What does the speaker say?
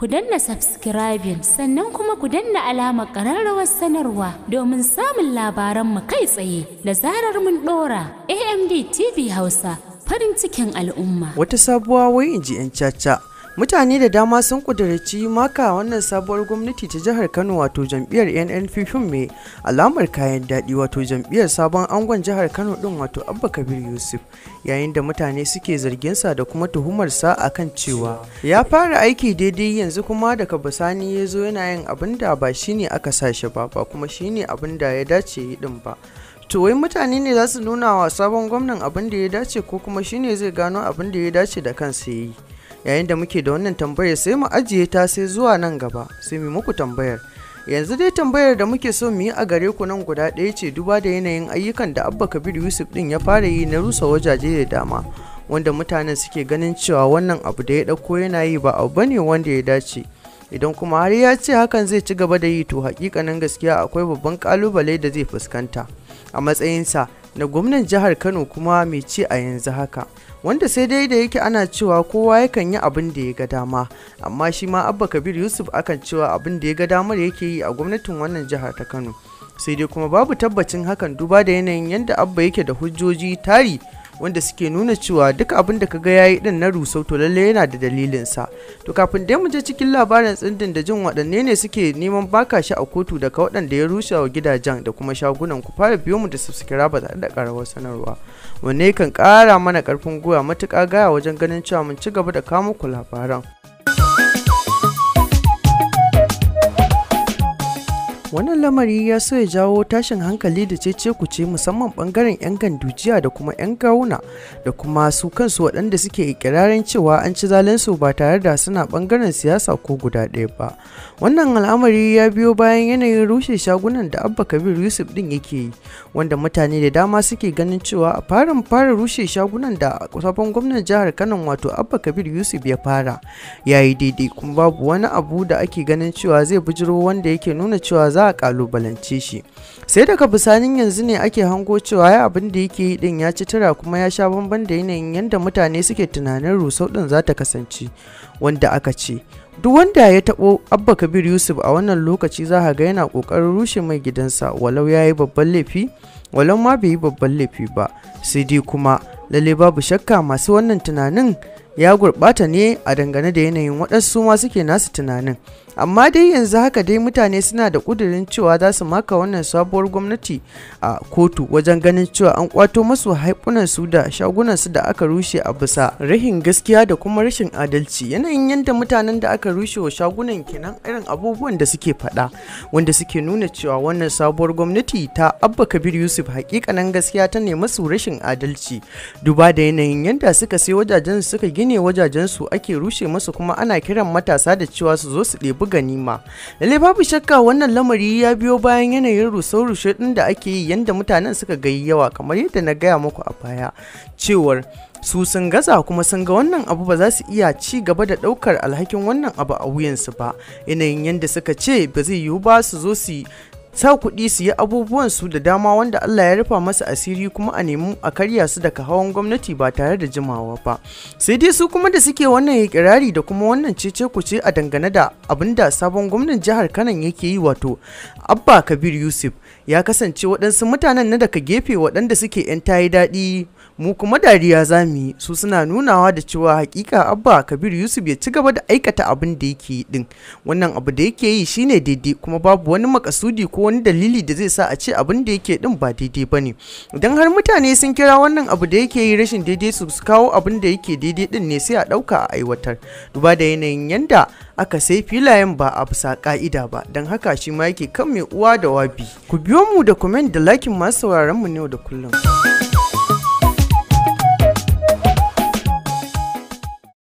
ku danna subscribing sannan kuma ku danna alamar ƙararrawar sanarwa domin samun labaranmu kai tsaye da zarar mun ɗora amd tv hausa farin cikin al'umma wata sabuwa wai in ji 'yan caca mutane da dama sun kudurci maka wannan sabuwar gwamnati ta jihar kano wato jam'iyyar nnpp mai alamar kayan daɗi wato jam'iyyar sabon angon jihar kano ɗin wato abba kabir yusuf yayin da mutane suke zarginsa da kuma tuhumarsa a kan cewa ya fara aiki daidai yanzu kuma daga bisani ya zo yana yin abin da ba shine aka sa shi ba ba kuma shine abin da ya dace yi ɗin ba to wai mutane ne za su nuna wa sabon gwamnan abin da ya dace ko kuma shine zai gano abin da ya dace da kansa ya yi yayin da muke da wannan tambayar sai mu ajiye ta sai zuwa nan gaba sai mu muku tambayar yanzu dai tambayar da muke so mu yi a gare ku nan guda ɗaya ce duba da yanayin ayyukan da abba kabir yusuf din ya fara yi na rusa wajaje da dama wanda mutanen suke ganin cewa wannan abu da ya ɗauko yana yi ba abu bane wanda ya dace idan kuma har ya ce hakan zai ci gaba da yi to hakikanin gaskiya akwai babban kalubale da zai fuskanta a matsayinsa na gwamnan jihar kano kuma mai ci a yanzu haka wanda sai dai da yake ana cewa kowa yakan yi abin da ya ga dama amma shi ma abba kabir yusuf akan cewa abin da ya ga damar yake yi a gwamnatin wannan jihar ta kano sai dai kuma babu tabbacin hakan duba da yanayin yadda abba yake da hujjoji tari wanda suke nuna cewa duk abin da kaga yayi din na rusau to lalle yana da dalilin sa to kafin dai mu je cikin labarin tsindin da jin waɗanne ne suke neman baka shi a kotu daga waɗanda ya rushe wa gidajen da kuma shagunan ku fara biyo mu da subscribe da da karawar sanarwa wanne kan kara mana karfin goya matuƙa gaya wajen ganin cewa mun ci gaba da kawo muku labaran wannan lamari ya so ya jawo tashin hankali da cece kuce musamman bangaren 'yan gandujiya da kuma 'yan gawuna da kuma su kansu waɗanda suke ikirarin cewa an ci zalinsu ba tare da suna bangaren siyasa ko guda ɗaya ba wannan al'amari ya biyo bayan yanayin rushe shagunan da abba kabir yusuf din yake yi wanda mutane da dama suke ganin cewa a farin fara rushe shagunan da sabon gwamnan jihar kano wato abba kabir yusuf ya fara ya yi daidai kuma babu wani abu da ake ganin cewa zai bijiro wanda yake nuna cewa za za a kalubalance shi sai daga bisanin yanzu ne ake hango cewa ya abin da yake yi din ya ci tura kuma ya sha bamban da yanayin yadda mutane suke tunanin rusau din za ta kasance wanda aka ce duk wanda ya taɓo abba kabir yusuf a wannan lokaci za ga yana kokarin rushe mai gidansa walau ya yi babban laifi walau ma bai yi babban laifi ba sai dai kuma lalle babu shakka masu wannan tunanin ya gurɓata ne a dangane da yanayin waɗansu ma suke nasu tunanin amma dai yanzu haka dai mutane suna da kudurin cewa za su maka wannan sabuwar gwamnati a kotu wajen ganin cewa an kwato masu haifunansu da shagunansu da aka rushe a bisa rahin gaskiya da kuma rashin adalci yanayin yadda mutanen da aka rushe wa shagunan kenan irin abubuwan da suke faɗa wanda suke nuna cewa wannan sabuwar gwamnati ta abba kabir yusuf hakikanin gaskiya ta ne masu rashin adalci duba da yanayin yadda suka sai wajajen suka gine wajajen su ake rushe masu kuma ana kiran matasa da cewa su zo su ɗebi ganima lalle babu shakka wannan lamari ya biyo bayan yanayin rusau-rushe din da ake yi yanda mutanen suka gayi yawa kamar yadda na gaya muku a baya cewar su sun gaza kuma sun ga wannan abu ba za su iya ci gaba da ɗaukar alhakin wannan abu a wuyansu ba yanayin yanda suka ce ba zai yiwu ba su zo su sa kuɗi su yi abubuwan su da dama wanda Allah ya rufa masa asiri kuma a nemi a karya su daga hawan gwamnati ba tare da jimawa ba sai dai su kuma da suke wannan kirari da kuma wannan cece kuce a dangane da abin da sabon gwamnan jihar kanon yake yi wato abba kabir yusuf ya kasance waɗansu mutanen na daga gefe waɗanda suke 'yan tayi daɗi mu kuma dariya za mu yi su suna nunawa da cewa hakika abba kabir yusuf ya ci gaba da aikata abin da yake yi din wannan abu da yake yi shine daidai kuma babu wani makasudi ko ko wani dalili da zai sa a ce abin da yake din ba daidai ba ne idan har mutane sun kira wannan abu da yake yi rashin daidai su kawo abin da yake daidai din ne sai a ɗauka a aiwatar duba da yanayin yanda aka sai filayen ba a bisa ka'ida ba don haka shi ma yake kan mai uwa da wabi ku biyo mu da comment da lakin masu sauraron mu ne da kullum